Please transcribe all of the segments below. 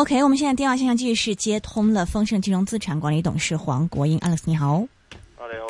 OK，我們現在電話線上繼續是接通了豐盛金融資產管理董事黃國英 Alex，你好。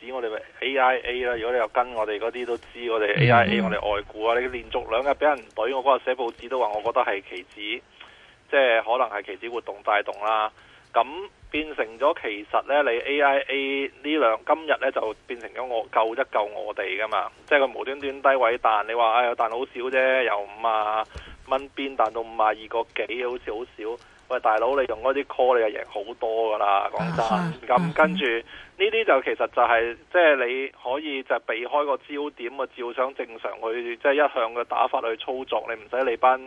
指我哋嘅 AIA 啦，如果你又跟我哋嗰啲都知我哋 AIA，我哋外股啊，你連續兩日俾人懟，我嗰日寫報紙都話我覺得係期指，即係可能係期指活動帶動啦。咁變成咗其實咧，你 AIA 呢兩今日咧就變成咗我救一救我哋噶嘛，即係佢無端端低位彈，你話，唉、哎，彈好少啫，由五啊蚊邊彈到五啊二個幾好似好少。喂，大佬，你用嗰啲 call 你就贏好多噶啦，講真。咁跟住呢啲就其實就係即係你可以就避開個焦點啊，照想正常去即係、就是、一向嘅打法去操作，你唔使你班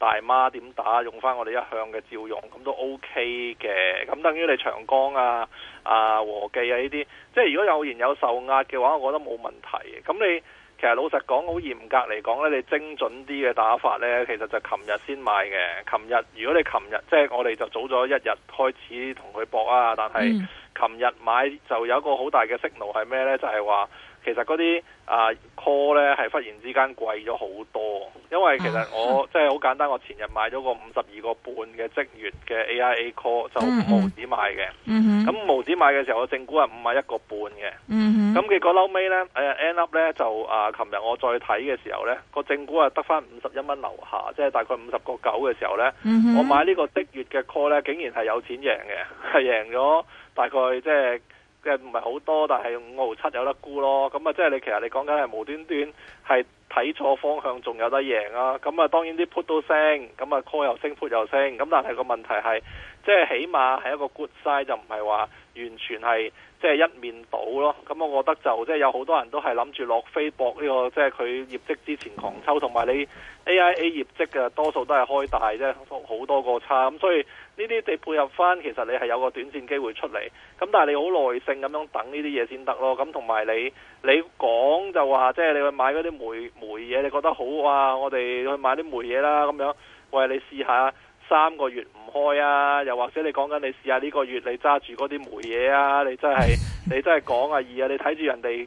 大媽點打，用翻我哋一向嘅照用，咁都 OK 嘅。咁等於你長江啊、啊和記啊呢啲，即係如果有言有受壓嘅話，我覺得冇問題嘅。咁你。其實老實講好嚴格嚟講咧，你精準啲嘅打法咧，其實就琴日先買嘅。琴日如果你琴日即係我哋就早咗一日開始同佢搏啊，但係琴日買就有一個好大嘅 signal 係咩咧？就係話。其實嗰啲啊 call 咧，係忽然之間貴咗好多，因為其實我即係好簡單，我前日買咗個五十二個半嘅即月嘅 AIA call 就五毛紙買嘅，咁五毛紙買嘅時候個正股係五啊一個半嘅，咁結果後尾咧誒 end up 咧，就啊，琴日我再睇嘅時候咧，個正股係得返五十一蚊樓下，即係大概五十個九嘅時候咧，我買呢個即月嘅 call 咧竟然係有錢贏嘅，係贏咗大概即係。就是嘅唔係好多，但係五毫七有得沽咯。咁啊，即係你其實你講緊係無端端係睇錯方向，仲有得贏啊！咁啊，當然啲 put 都升，咁啊 call 又升，put 又升。咁但係個問題係，即係起碼係一個 good sign，就唔係話完全係。即係一面倒咯，咁我覺得就即係有好多人都係諗住落飛博呢個，即係佢業績之前狂抽，同埋你 AIA 業績嘅多數都係開大啫，即係好多個差，咁所以呢啲你配合翻，其實你係有個短線機會出嚟，咁但係你好耐性咁樣等呢啲嘢先得咯，咁同埋你你講就話即係你去買嗰啲煤煤嘢，你覺得好啊，我哋去買啲煤嘢啦，咁樣，喂，你試下。三個月唔開啊，又或者你講緊你試下呢個月你揸住嗰啲煤嘢啊，你真係你真係講啊二啊，你睇住人哋、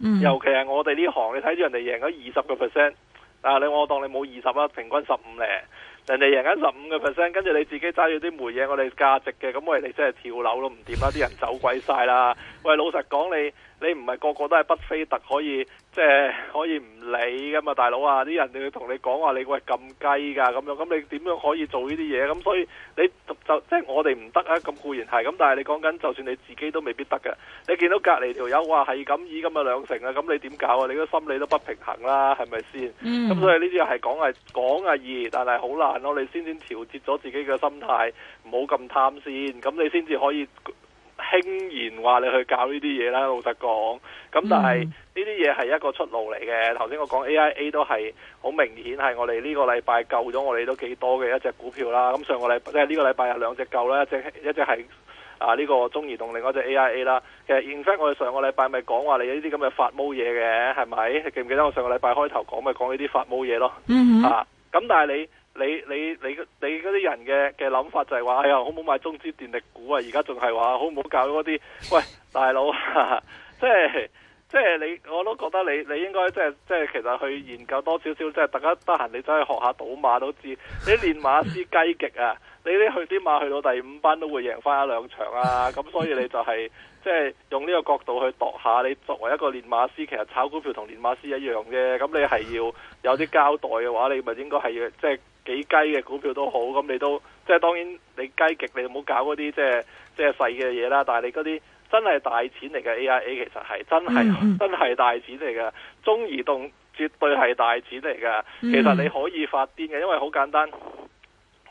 嗯，尤其係我哋呢行，你睇住人哋贏咗二十個 percent，嗱你我當你冇二十啊，平均十五咧，人哋贏緊十五個 percent，跟住你自己揸住啲煤嘢，我哋價值嘅，咁我哋真係跳樓都唔掂啦，啲人走鬼晒啦，喂老實講你你唔係個個都係巴菲特可以。即、就、係、是、可以唔理噶嘛，大佬啊！啲人要同你講話，你喂咁雞㗎咁樣，咁你點樣可以做呢啲嘢？咁所以你就即係、就是、我哋唔得啊！咁固然係咁，但係你講緊就算你自己都未必得㗎。你見到隔離條友話係咁以咁啊兩成啊，咁你點搞啊？你個心理都不平衡啦，係咪先？咁、mm. 所以呢啲係講係講呀，易，但係好難咯。你先先調節咗自己嘅心態，唔好咁貪先，咁你先至可以。輕言話你去搞呢啲嘢啦，老實講，咁但係呢啲嘢係一個出路嚟嘅。頭先我講 AIA 都係好明顯係我哋呢個禮拜救咗我哋都幾多嘅一隻股票啦。咁、嗯、上個禮、呃這個、拜即係呢個禮拜有兩隻救啦，一隻一隻係啊呢、這個中移動，另外一隻 AIA 啦。其實 in fact 我哋上個禮拜咪講話你呢啲咁嘅發毛嘢嘅係咪？記唔記得我上個禮拜開頭講咪講呢啲發毛嘢咯？Mm-hmm. 啊，咁但係你。你你你你嗰啲人嘅嘅諗法就係、是、話，哎呀，好唔好買中資電力股啊？而家仲係話，好唔好教嗰啲？喂，大佬，即係即係你，我都覺得你你應該即係即係，其實去研究多少少，即係大家得閒你走去學下賭馬都知。你練馬師雞極啊，你啲去啲馬去到第五班都會贏翻一兩場啊，咁所以你就係、是、即係用呢個角度去度下。你作為一個練馬師，其實炒股票同練馬師一樣啫。咁你係要有啲交代嘅話，你咪應該係要即係。幾雞嘅股票都好，咁你都即係當然你雞極，你唔好搞嗰啲即係即係細嘅嘢啦。但係你嗰啲真係大錢嚟嘅 AIA，其實係真係、嗯、真係大錢嚟嘅。中移動絕對係大錢嚟嘅，嗯，其實你可以發癲嘅，因為好簡單。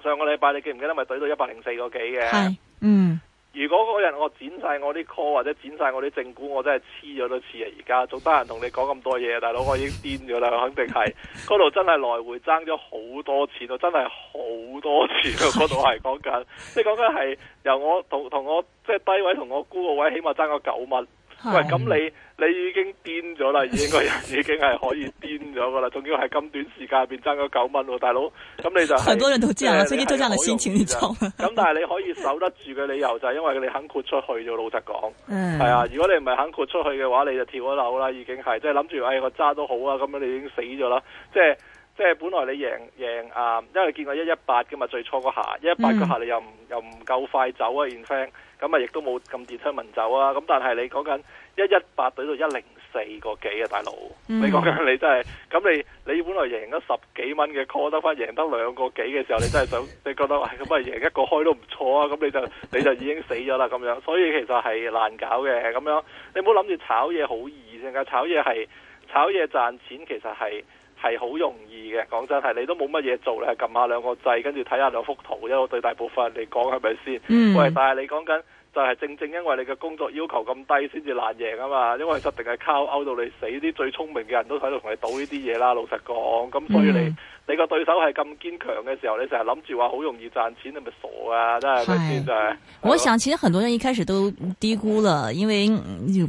上個禮拜你記唔記得咪對到一百零四個幾嘅？嗯。如果嗰日我剪曬我啲 call 或者剪晒我啲正股，我真係黐咗多次啊！而家仲得閒同你講咁多嘢，大佬我已經癲咗啦，肯定係嗰度真係來回爭咗好多錢啊！真係好多錢啊！嗰度係講緊，即係講緊係由我同同我即係低位同我沽個位，起碼爭個九蚊。 喂，咁你你已經癲咗啦，已經係，已經係可以癲咗噶啦，仲要係咁短時間入邊爭咗九蚊喎，大佬，咁你就係，很多人都知啦，就是，你是這都咁 但係你可以守得住嘅理由就係因為你肯豁出去咗，老實講，係 啊，如果你唔係肯豁出去嘅話，你就跳咗樓啦，已經係，即係諗住，哎，我揸都好啊，咁樣你已經死咗啦，即係。即係本來你贏贏啊，因為你見過一一八嘅嘛，最初嗰下一一八嗰下你又唔又唔夠快走啊 in fact 咁啊亦都冇咁 determination 走啊，咁但係你講緊一一八到一零四個幾啊，大佬，mm. 你講緊你真係，咁你你本來贏咗十幾蚊嘅 call 得翻，贏得兩個幾嘅時候，你真係想你覺得，喂、 哎，咁啊贏一個開都唔錯啊，咁你就你就已經死咗啦咁樣，所以其實係難搞嘅咁樣，你唔好諗住炒嘢好易先噶，炒嘢係炒嘢賺錢其實係。係好容易嘅，講真係，你都冇乜嘢做，你係撳下兩個掣，跟住睇下兩幅圖，因為對大部分人嚟講係咪先？Mm -hmm. 喂，但係你講緊就係正正因為你嘅工作要求咁低，先至難贏啊嘛，因為實定係靠勾到你死啲最聰明嘅人都喺度同你賭呢啲嘢啦，老實講，咁所以你。Mm -hmm. 你個對手係咁堅強嘅時候，你成日諗住話好容易賺錢，你咪傻啊！真係唔見真係。我想其實很多人一開始都低估啦，因為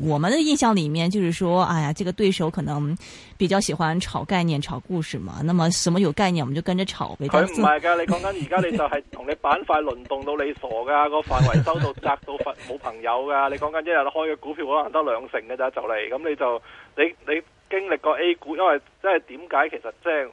我們的印象裏面就是說，哎呀，這個對手可能比較喜歡炒概念、炒故事嘛。那麼什麼有概念，我們就跟着炒。佢唔係噶， 你講緊而家你就係同你板塊輪動到你傻噶，個 範圍收到窄到冇朋友噶。你講緊一日開嘅股票可能得兩成嘅咋，就嚟咁你就你你經歷過 A 股，因為即係點解其實即係。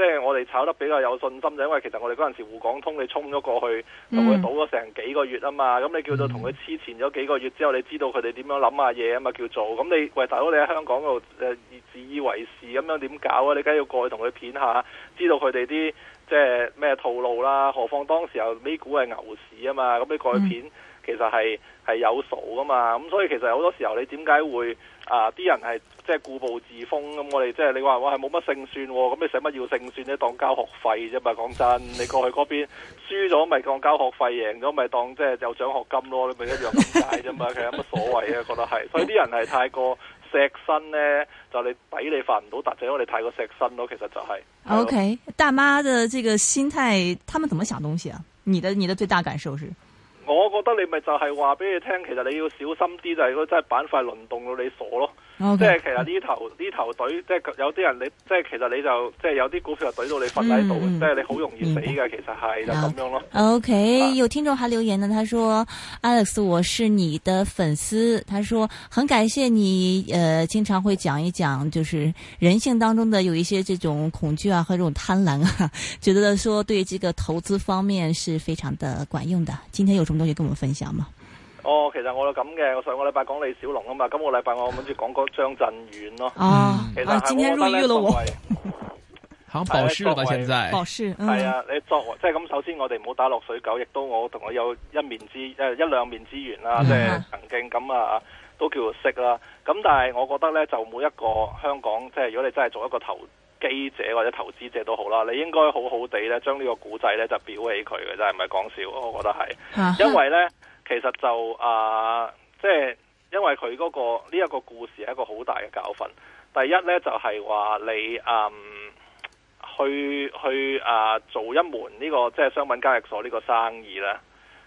即係我哋炒得比較有信心，就因為其實我哋嗰陣時滬港通你衝咗過去，同佢賭咗成幾個月啊嘛，咁你叫做同佢黐纏咗幾個月之後，你知道佢哋點樣諗下嘢啊嘛，叫做咁你，喂大佬你喺香港度誒自以為是咁樣點搞啊？你梗係要過去同佢片下，知道佢哋啲即係咩套路啦。何況當時候美股係牛市啊嘛，咁你過去片。嗯其實係係有數噶嘛，咁、嗯、所以其實好多時候你點解會啊啲、呃、人係即係固步自封咁、嗯？我哋即係你話我係冇乜勝算，哦，咁你使乜要勝算咧？當交學費啫嘛，講真，你過去嗰邊輸咗咪當交學費，贏咗咪當即係有獎學金咯，你咪一樣咁解啫嘛。 其實有乜所謂啊？覺得係，所以啲人係太過錫身咧，就你俾你發唔到達，就係因為你太過錫身咯。其實就係、是。O、okay, K、嗯、大媽嘅這個心態，他們怎麼想東西啊？你的你的最大感受是？我覺得你咪就係話畀你聽，其實你要小心啲就係如果真係板塊輪動到你傻咯。即、okay, 係其實呢頭呢頭懟，即係有啲人你即係其實你就即係有啲股票就懟到你瞓喺度，即、嗯、係你好容易死嘅、嗯。其實係就咁樣咯。OK，、啊、有聽眾還留言呢，他說 Alex，我是你的粉絲，他說很感謝你，呃經常會講一講，就是人性當中的有一些這種恐懼啊，和這種貪婪啊，覺得說對這個投資方面是非常的管用的。今天有什麼東西跟我們分享嗎？哦，其實我都咁嘅。我上個禮拜講李小龍啊嘛，今個禮拜我諗住講個張震遠咯。啊，其實今天落雨咯，我講保師啦，先生保師。係、 嗯嗯、啊，你作為即係咁，首先我哋唔好打落水狗，亦都我同佢有一面之，一兩面之緣啦，即係曾經咁啊，都叫做識啦。咁但係我覺得咧，就每一個香港，即係如果你真係做一個投機者或者投資者都好啦，你應該好好地咧將呢個古仔咧就裱起佢嘅，真係唔係講笑。我覺得係，因為咧。啊嗯其實就啊、呃，即係因為佢嗰、那個呢一、這個故事係一個好大嘅教訓，第一呢，就係、是、話你嗯去去啊、呃、做一門呢、這個即係商品交易所呢個生意呢。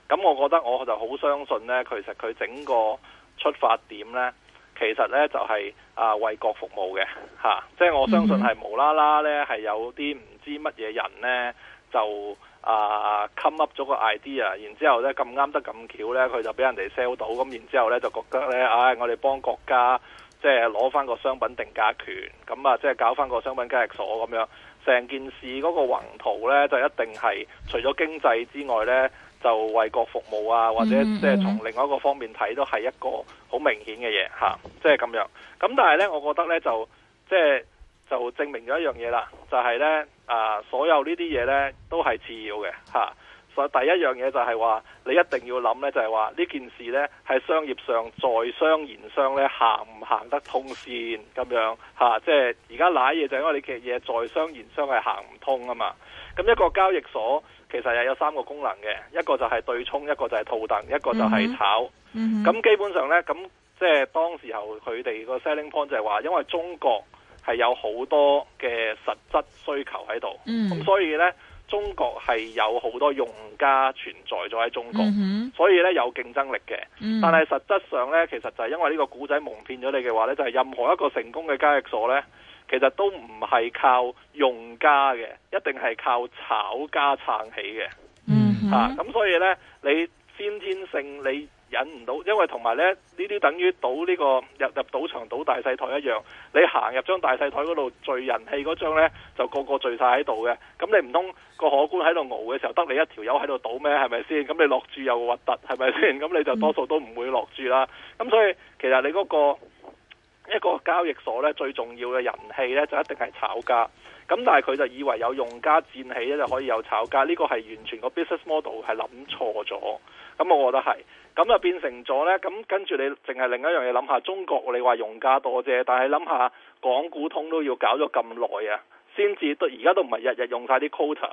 咁我覺得我就好相信呢，其實佢整個出發點呢，其實呢就係、是、啊、呃、為國服務嘅、啊、即係我相信係無啦啦呢，係有啲唔知乜嘢人呢就。啊、uh,，come up 咗個 idea，then,、so、然之後呢，咁啱得咁巧呢，佢就俾人哋 sell 到，咁然之後呢，就覺得呢，唉，我哋幫國家即係攞翻個商品定價權，咁啊，即係搞翻個商品交易所咁樣，成件事嗰個宏圖呢，就一定係除咗經濟之外呢，就為國服務啊，或者即係從另外一個方面睇都係一個好明顯嘅嘢吓，即係咁樣。咁但係呢，我覺得呢，就即係。就證明咗一樣嘢啦，就係呢，啊，所有呢啲嘢呢都係次要嘅吓。所以第一樣嘢就係話，你一定要諗呢，就係話呢件事呢喺商業上在商言商呢，行唔行得通先咁樣吓。即係而家瀨嘢就係因為你其實嘢在商言商係行唔通啊嘛。咁一個交易所其實係有三個功能嘅，一個就係對沖，一個就係套戥，一個就係炒。咁、嗯嗯、基本上呢，咁即係當時候佢哋個 selling point 就係話，因為中國。係有好多嘅實質需求喺度，咁、嗯、所以呢，中國係有好多用家存在咗喺中國，嗯、所以呢，有競爭力嘅、嗯。但係實質上呢，其實就係因為呢個故仔蒙騙咗你嘅話呢就係、是、任何一個成功嘅交易所呢，其實都唔係靠用家嘅，一定係靠炒家撐起嘅。咁、嗯啊、所以呢，你先天性你。忍唔到，因為同埋呢，呢啲等於賭呢個入入賭場賭大細台一樣。你行入張大細台嗰度聚人氣嗰張呢，就個個聚晒喺度嘅。咁你唔通個荷官喺度熬嘅時候，得你一條友喺度賭咩？係咪先？咁你落注又核突，係咪先？咁你就多數都唔會落注啦。咁所以其實你嗰個一個交易所呢，最重要嘅人氣呢，就一定係炒價。咁但係佢就以為有用家戰起咧就可以有炒價，呢個係完全個 business model 係諗錯咗。咁我覺得係。咁就變成咗呢。咁跟住你淨係另一樣嘢諗下，中國你話用家多啫，但係諗下港股通都要搞咗咁耐啊，先至都而家都唔係日日用晒啲 quota。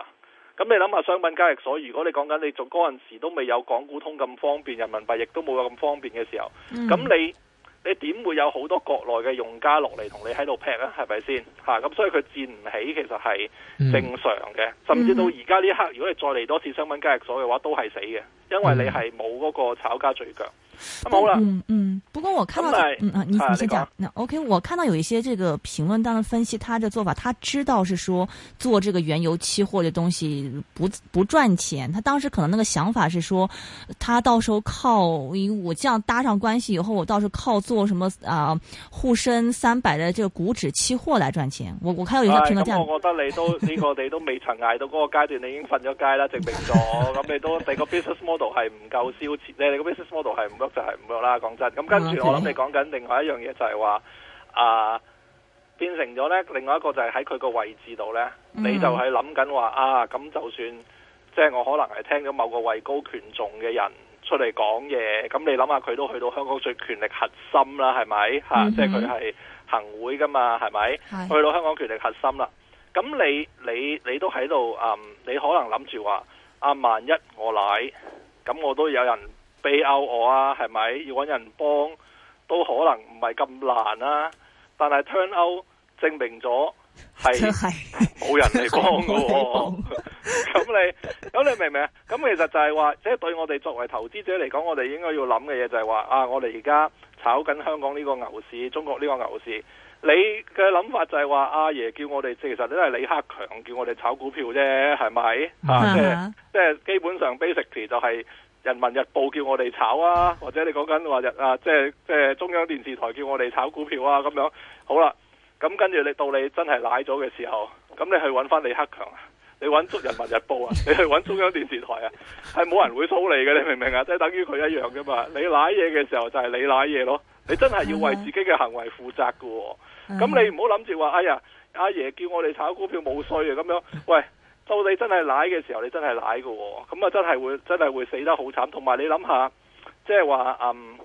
咁你諗下商品交易所，如果你講緊你做嗰陣時都未有港股通咁方便，人民幣亦都冇咁方便嘅時候，咁你。嗯你點會有好多國內嘅用家落嚟同你喺度劈呢？係咪先吓？咁所以佢戰唔起，其實係正常嘅。嗯。甚至到而家呢一刻，如果你再嚟多次商品交易所嘅話，都係死嘅，因為你係冇嗰個炒家聚腳。不過，嗯嗯，不過我看到，嗯啊，你你先講。那、啊、OK，我看到有一些這個評論，當中分析他的做法，他知道是說做這個原油期貨的東西不不賺錢。他當時可能那個想法是說，他到時候靠，因為我這樣搭上關係以後，我到時候靠做什麼啊滬深三百的這個股指期貨來賺錢。我我看到有一些評論、哎嗯、這樣。我覺得你都 個你，我哋都未曾捱到嗰個階段，你已經瞓咗街啦，證明咗咁 你都你個 business model 係唔夠燒錢，你你個 business model 係唔夠。就係咁樣啦，講真。咁跟住我諗，你講緊另外一樣嘢，就係話啊，變成咗呢。另外一個就係喺佢個位置度呢、嗯，你就係諗緊話啊，咁就算即係、就是、我可能係聽咗某個位高權重嘅人出嚟講嘢，咁你諗下佢都去到香港最權力核心啦，係咪嚇？即係佢係行會噶嘛，係咪？去到香港權力核心啦，咁你你你都喺度嗯，你可能諗住話啊，萬一我奶……」咁我都有人。被咬我啊，係咪要搵人幫都可能唔係咁難啦。但係 turn out 證明咗係冇人嚟幫噶，咁、 啊、 你咁你明唔明啊？咁其實就係話，即係對我哋作為投資者嚟講，我哋應該要諗嘅嘢就係話啊，我哋而家炒緊香港呢個牛市、中國呢個牛市，你嘅諗法就係話阿爺叫我哋，其實都係李克強叫我哋炒股票啫，係咪啊？即係即係基本上 basically 就係、是。人民日報叫我哋炒啊，或者你講緊話日啊，即係即係中央電視台叫我哋炒股票啊咁樣，好啦，咁跟住你到你真係瀨咗嘅時候，咁你去搵翻李克強啊，你搵足人民日報啊，你去搵中央電視台啊，係冇人會操你嘅，你明唔明啊？即係等於佢一樣噶嘛，你瀨嘢嘅時候就係你瀨嘢咯，你真係要為自己嘅行為負責㗎喎、啊，咁你唔好諗住話，哎呀，阿爺叫我哋炒股票冇衰啊咁樣，喂。到底真係奶嘅時候，你真係奶嘅喎，咁啊真係會真係會死得好慘。同埋你諗下，即係話嗯，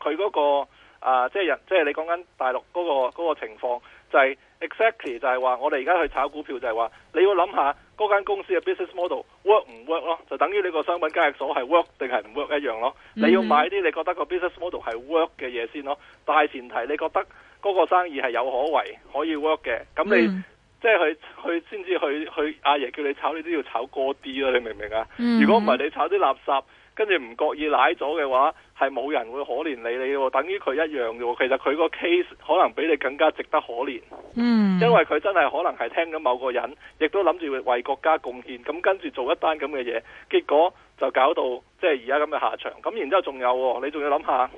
佢嗰個啊，即係人，即係你講緊大陸嗰個嗰個情況，就係 exactly 就係話，我哋而家去炒股票就係話，你要諗下嗰間公司嘅 business model work 唔 work 咯，就等於你個商品交易所係 work 定係唔 work 一樣咯。你要買啲你覺得個 business model 係 work 嘅嘢先咯。但係前提你覺得嗰個生意係有可為，可以 work 嘅，咁你。嗯嗯即係佢，佢先至去去阿爺叫你炒，你都要炒多啲咯。你明唔明啊？如果唔係你炒啲垃圾，跟住唔覺意瀨咗嘅話，係冇人會可憐你你，等於佢一樣嘅。其實佢個 case 可能比你更加值得可憐。嗯、mm.，因為佢真係可能係聽緊某個人，亦都諗住為國家貢獻，咁跟住做一單咁嘅嘢，結果就搞到即係而家咁嘅下場。咁然之後仲有，你仲要諗下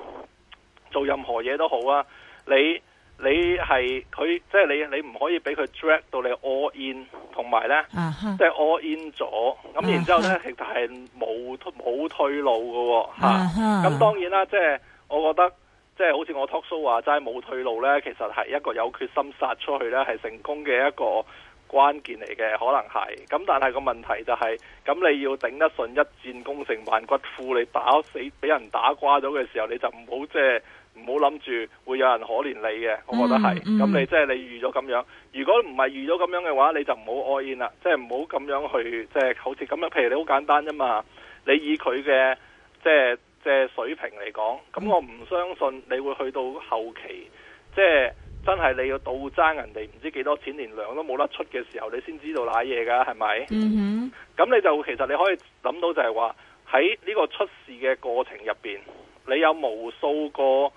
做任何嘢都好啊，你。你係佢即係你，你唔可以俾佢 drag 到你 all in，同埋咧，uh -huh. 即係 all in 咗，咁然之後咧、uh -huh. 其實係冇冇退路嘅喎嚇。咁當然啦，即係我覺得即係好似我 talk show 話齋冇退路咧，其實係一個有決心殺出去咧係成功嘅一個關鍵嚟嘅，可能係。咁但係個問題就係，咁你要頂得順一戰功成萬骨枯，你打死俾人打瓜咗嘅時候，你就唔好即係。唔好諗住會有人可憐你嘅，我覺得係。咁、嗯嗯、你即係、就是、你預咗咁樣。如果唔係預咗咁樣嘅話，你就唔好 all in 啦，即係唔好咁樣去，即、就、係、是、好似咁樣。譬如你好簡單啫嘛，你以佢嘅即係即係水平嚟講，咁我唔相信你會去到後期，即、就、係、是、真係你要倒爭人哋唔知幾多錢連糧都冇得出嘅時候，你先知道瀨嘢㗎，係咪？咁、嗯嗯、你就其實你可以諗到就係話喺呢個出事嘅過程入面，你有無數個。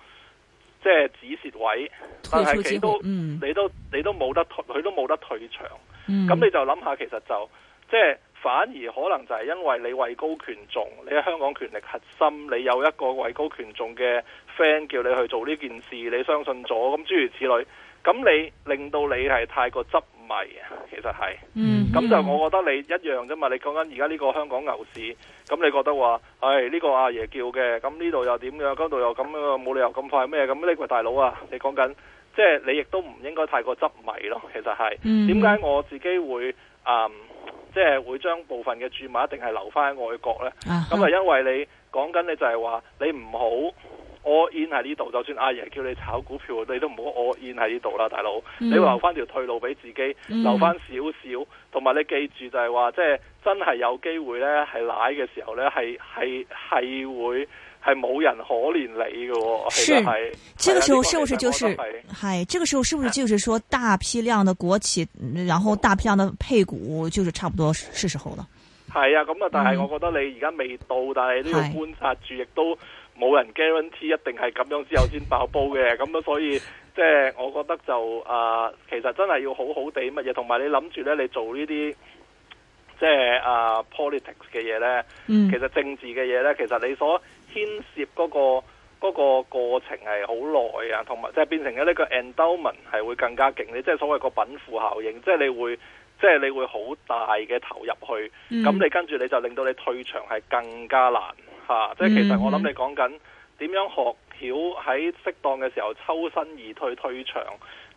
即係止蝕位，但係你都你都你都冇得退，佢都冇得退場，咁、嗯、你就諗下，其實就即係反而可能就係因為你位高權重，你喺香港權力核心，你有一個位高權重嘅 friend 叫你去做呢件事，你相信咗咁諸如此類，咁你令到你係太過執。係其實係，咁、mm -hmm. 就我覺得你一樣啫嘛。你講緊而家呢個香港牛市，咁你覺得話，誒、哎、呢、這個阿爺叫嘅，咁呢度又點樣，嗰度又咁樣，冇理由咁快咩？咁呢位大佬啊，你講緊，即、就、係、是、你亦都唔應該太過執迷咯。其實係，點、mm、解 -hmm. 我自己會，誒、嗯，即、就、係、是、會將部分嘅注碼一定係留返喺外國呢？咁啊，因為你講緊你就係話，你唔好。All in 喺呢度，就算阿爺叫你炒股票，你都唔好 all in 喺呢度啦，大佬、嗯。你留翻條退路俾自己，留翻少少。同、嗯、埋你記住就係話，即係真係有機會咧，係買嘅時候咧，係係係會係冇人可憐你嘅。是，是，這個時候是不是就是？嗨，這個時候是不是就是說大批量的國企，嗯、然後大批量的配股，就是差不多是時候啦。係啊，咁啊，但係我覺得你而家未到，但係都要觀察住，亦都。冇人 guarantee 一定係咁樣之後先爆煲嘅。咁啊，所以即係、就是、我覺得就啊，其實真係要好好哋乜嘢，同埋你諗住咧，你做呢啲即係啊 politics 嘅嘢咧，mm. 其實政治嘅嘢咧，其實你所牽涉嗰、那個嗰、那個過程係好耐啊，同埋即係變成咗呢個 endowment 係會更加勁，你即係所謂個稟賦效應，即、就、係、是、你會即係、就是、你會好大嘅投入去，咁你跟住你就令到你退場係更加難。吓，即 係其實我諗你講緊點樣學曉喺適當嘅時候抽身而退退場，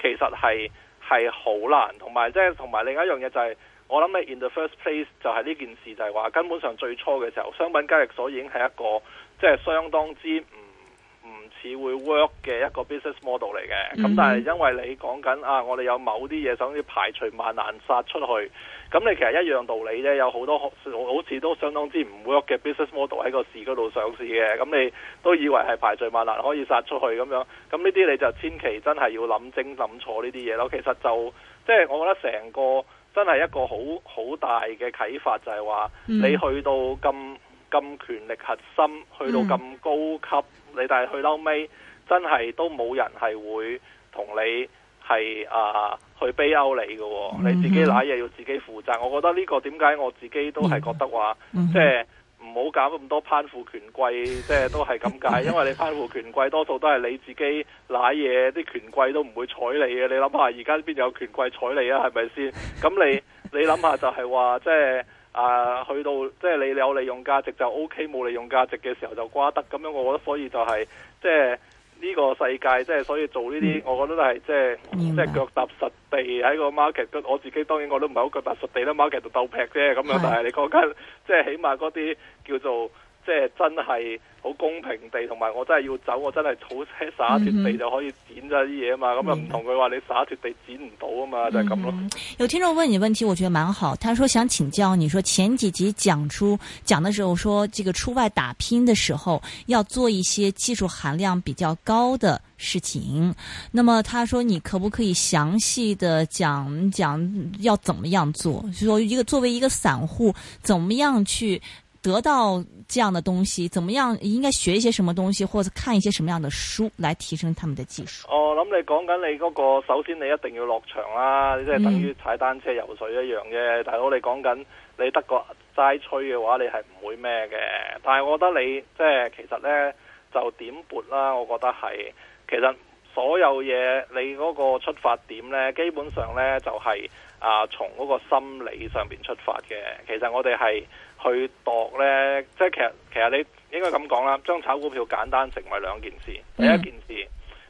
其實係係好難，同埋即係同埋另外一樣嘢，就係、是、我諗你 in the first place 就係呢件事就係話根本上最初嘅時候，商品交易所已經係一個即係、就是、相當之唔似會 work 嘅一個 business model 嚟嘅，咁、嗯、但係因為你講緊啊，我哋有某啲嘢，想要排除萬難殺出去，咁你其實一樣道理啫。有很多好多好似都相當之唔 work 嘅 business model 喺個市嗰度上市嘅，咁你都以為係排除萬難可以殺出去咁樣，咁呢啲你就千祈真係要諗精諗錯呢啲嘢咯。其實就即係、就是、我覺得成個真係一個好好大嘅啟發就係話、嗯，你去到咁咁權力核心，去到咁高級。嗯嗯你但係去嬲尾，真係都冇人係會同你係啊去 bail out 你嘅、哦，mm -hmm. 你自己揦嘢要自己負責。我覺得呢、這個點解我自己都係覺得話，即係唔好搞咁多攀附權貴，即、就、係、是、都係咁解。Mm -hmm. 因為你攀附權貴，多數都係你自己揦嘢，啲權貴都唔會睬你嘅。你諗下，而家邊有權貴睬你啊？係咪先？咁 你你諗下就係話，即、就、係、是。就是啊，去到即係你有利用價值就 OK，冇利用價值嘅時候就瓜得咁樣，我覺得所以就係、是、即係呢個世界，即係所以做呢啲、嗯，我覺得都係即係即係腳踏實地喺個 market。我自己當然我都唔係好腳踏實地啦，market 度鬥劈啫咁樣，是但係你講緊即係起碼嗰啲叫做。即係真係好公平地，同埋我真係要走，我真係好些灑脱地就可以剪咗啲嘢嘛。咁又唔同佢話你灑脱地剪唔到啊嘛，mm -hmm. 就係咁咯。Mm -hmm. 有聽眾問你問題，我覺得蠻好。他說想請教，你說前幾集講出講的時候，說這個出外打拼的時候要做一些技術含量比較高的事情。那麼，他說你可不可以詳細地講講要怎麼樣做？就是、說一個作為一個散戶，怎麼樣去？得到這樣的東西，怎麼樣應該學一些什麼東西，或者看一些什麼樣的書來提升他們的技術？哦，諗你講緊你嗰個，首先你一定要落場啦，即係等於踩單車、游水一樣啫。大佬，嗯，但你講緊你得個齋吹嘅話，你係唔會咩嘅？但係我覺得你即係其實咧，就點撥啦，我覺得係其實。所有嘢，你嗰個出發點咧，基本上咧就係啊，從嗰個心理上邊出發嘅。其實我哋係去度咧，即係其實其實你應該咁講啦，將炒股票簡單成為兩件事，嗯。第一件事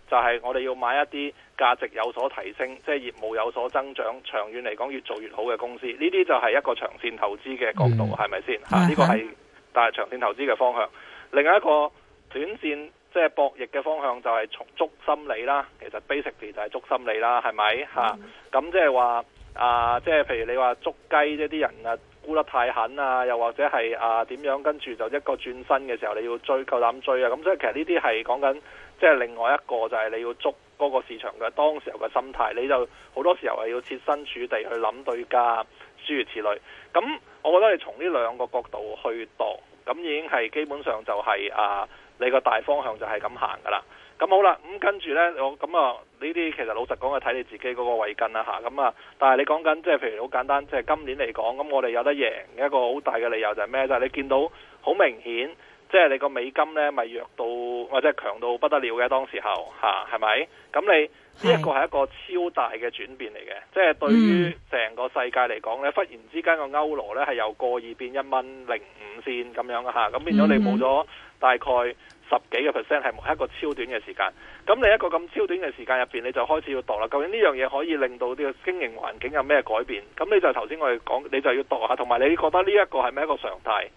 就係我哋要買一啲價值有所提升，即係業務有所增長、長遠嚟講越做越好嘅公司。呢啲就係一個長線投資嘅角度，係咪先？吓，嗯，呢個係但係長線投資嘅方向。另外一個短線。即係博弈嘅方向就係捉心理啦，其實 basically 就係捉心理啦，係咪吓？咁即係話啊，即係、啊、譬如你話捉雞即啲人啊沽得太狠啊，又或者係啊點樣，跟住就一個轉身嘅時候你要追，夠膽追啊！咁所以其實呢啲係講緊，即係另外一個就係你要捉嗰個市場嘅當時候嘅心態，你就好多時候係要設身處地去諗對價，諸如此類。咁、嗯嗯、我覺得你從呢兩個角度去度，咁已經係基本上就係、是、啊。你個大方向就係咁行噶啦，咁好啦，咁、嗯、跟住呢，我咁啊呢啲其實老實講，嘅睇你自己嗰個位根啦吓，咁啊，但係你講緊即係譬如好簡單，即係今年嚟講，咁我哋有得贏一個好大嘅理由就係咩？就係你見到好明顯，即係你個美金呢咪弱到或者強到不得了嘅當時候吓，係咪？咁你呢一個係一個超大嘅轉變嚟嘅，即係對於成個世界嚟講呢、mm -hmm. 忽然之間個歐羅呢係由個二變一蚊零五仙咁樣啊嚇，咁變咗你冇咗。大概十幾個 percent 係一個超短嘅時間，咁你一個咁超短嘅時間入邊，你就開始要度啦。究竟呢樣嘢可以令到呢個經營環境有咩改變？咁你就頭先我哋講，你就要度下，同埋你覺得呢一個係咩一個常態？嗯、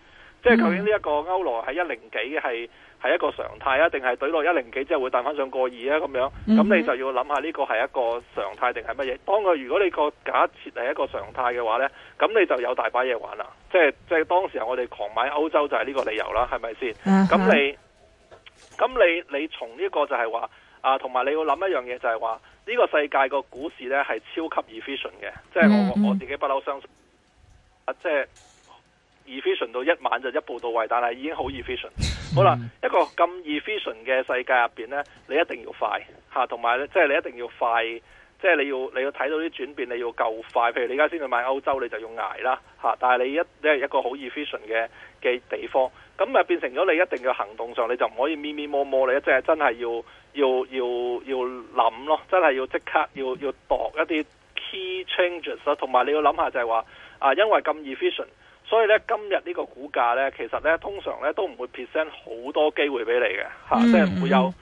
即係究竟呢一個歐羅喺一零幾係？係一個常態啊？定係對落一零幾之後會帶翻上過二啊？咁樣咁你就要諗下呢個係一個常態定係乜嘢？當佢如果你個假設係一個常態嘅話呢，咁你就有大把嘢玩啦。即係即係當時候我哋狂買歐洲就係呢個理由啦，係咪先？咁、uh -huh. 你咁你你從呢個就係話啊，同埋你要諗一樣嘢就係話呢個世界個股市呢係超級 efficient 嘅，即係我 uh -huh. 我自己不嬲相信即係。啊即係 efficient 到一晚就一步到位，但係已經好 efficient。好啦，一個咁 efficient 嘅世界入邊呢，你一定要快嚇，同埋呢，即係你一定要快，即係你要你要睇到啲轉變，你要夠快。譬如你而家先去買歐洲，你就要捱啦嚇。但係你一即係一個好 efficient 嘅嘅地方，咁啊變成咗你一定要行動上，你就唔可以咪咪摸摸，你一即係真係要要要要諗咯，真係要即刻要要度一啲 key changes 啦，同埋你要諗下就係話啊，因為咁 efficient。所以咧，今日呢個股價咧，其實咧，通常咧都唔會 present 好多機會俾你嘅嚇，即係唔會有唔、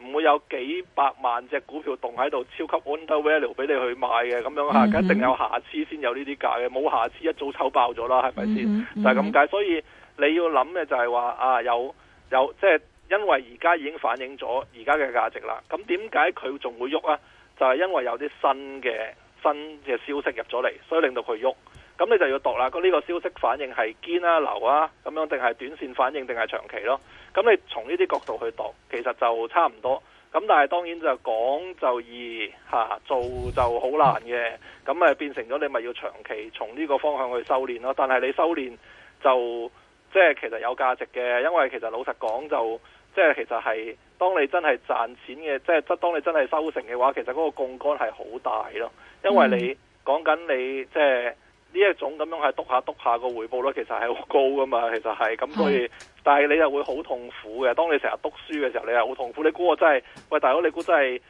嗯、會有幾百萬隻股票凍喺度，超級 undervalue 俾你去買嘅咁樣嚇、嗯啊，一定有瑕疵先有呢啲價嘅，冇瑕疵一早抽爆咗啦，係咪先？就係咁解，所以你要諗嘅就係話啊，有有即係、就是、因為而家已經反映咗而家嘅價值啦，咁點解佢仲會喐啊？就係、是、因為有啲新嘅新嘅消息入咗嚟，所以令到佢喐。咁你就要度啦，咁、這、呢個消息反應係堅啊流啊，咁樣定係短線反應定係長期咯？咁你從呢啲角度去度，其實就差唔多。咁但係當然就講就易、啊、做就好難嘅。咁咪變成咗你咪要長期從呢個方向去修練咯。但係你修練就即係其實有價值嘅，因為其實老實講就即係其實係當你真係賺錢嘅，即係當你真係收成嘅話，其實嗰個槓桿係好大咯。因為你講緊、嗯、你即係。呢一種咁樣係督下督下個回報率，其實係好高㗎嘛，其實係咁，所以、嗯、但係你又會好痛苦嘅。當你成日篤書嘅時候，你又好痛苦。你估我真係？喂，大佬，你估真係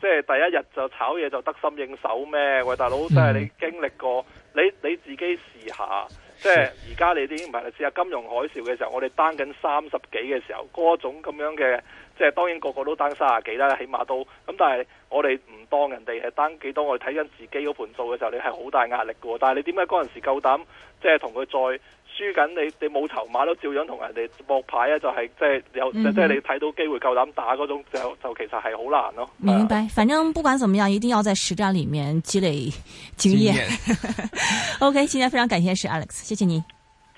即係第一日就炒嘢就得心應手咩？喂，大佬，真係你經歷過，嗯、你你自己試下。嗯、即係而家你已經唔係你試下金融海嘯嘅時候，我哋單緊三十幾嘅時候，嗰種咁樣嘅即係當然個個都單三十幾啦，起碼都咁。但係我哋唔當人哋係單幾多，當我哋睇緊自己嗰盤數嘅時候，你係好大壓力嘅。但係你點解嗰陣時候夠膽即係同佢再？輸緊你，你冇籌碼都照樣同人哋搏牌啊！就係即係有，嗯、即係你睇到機會夠膽打嗰種就就其實係好難咯。明白，uh, 反正不管怎麼樣，一定要在實戰裡面積累經驗。O K，現在非常感謝是 Alex，謝謝你。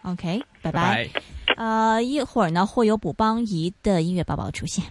OK，拜拜。呃，uh, 一會兒呢會有補幫儀的音樂寶寶出現。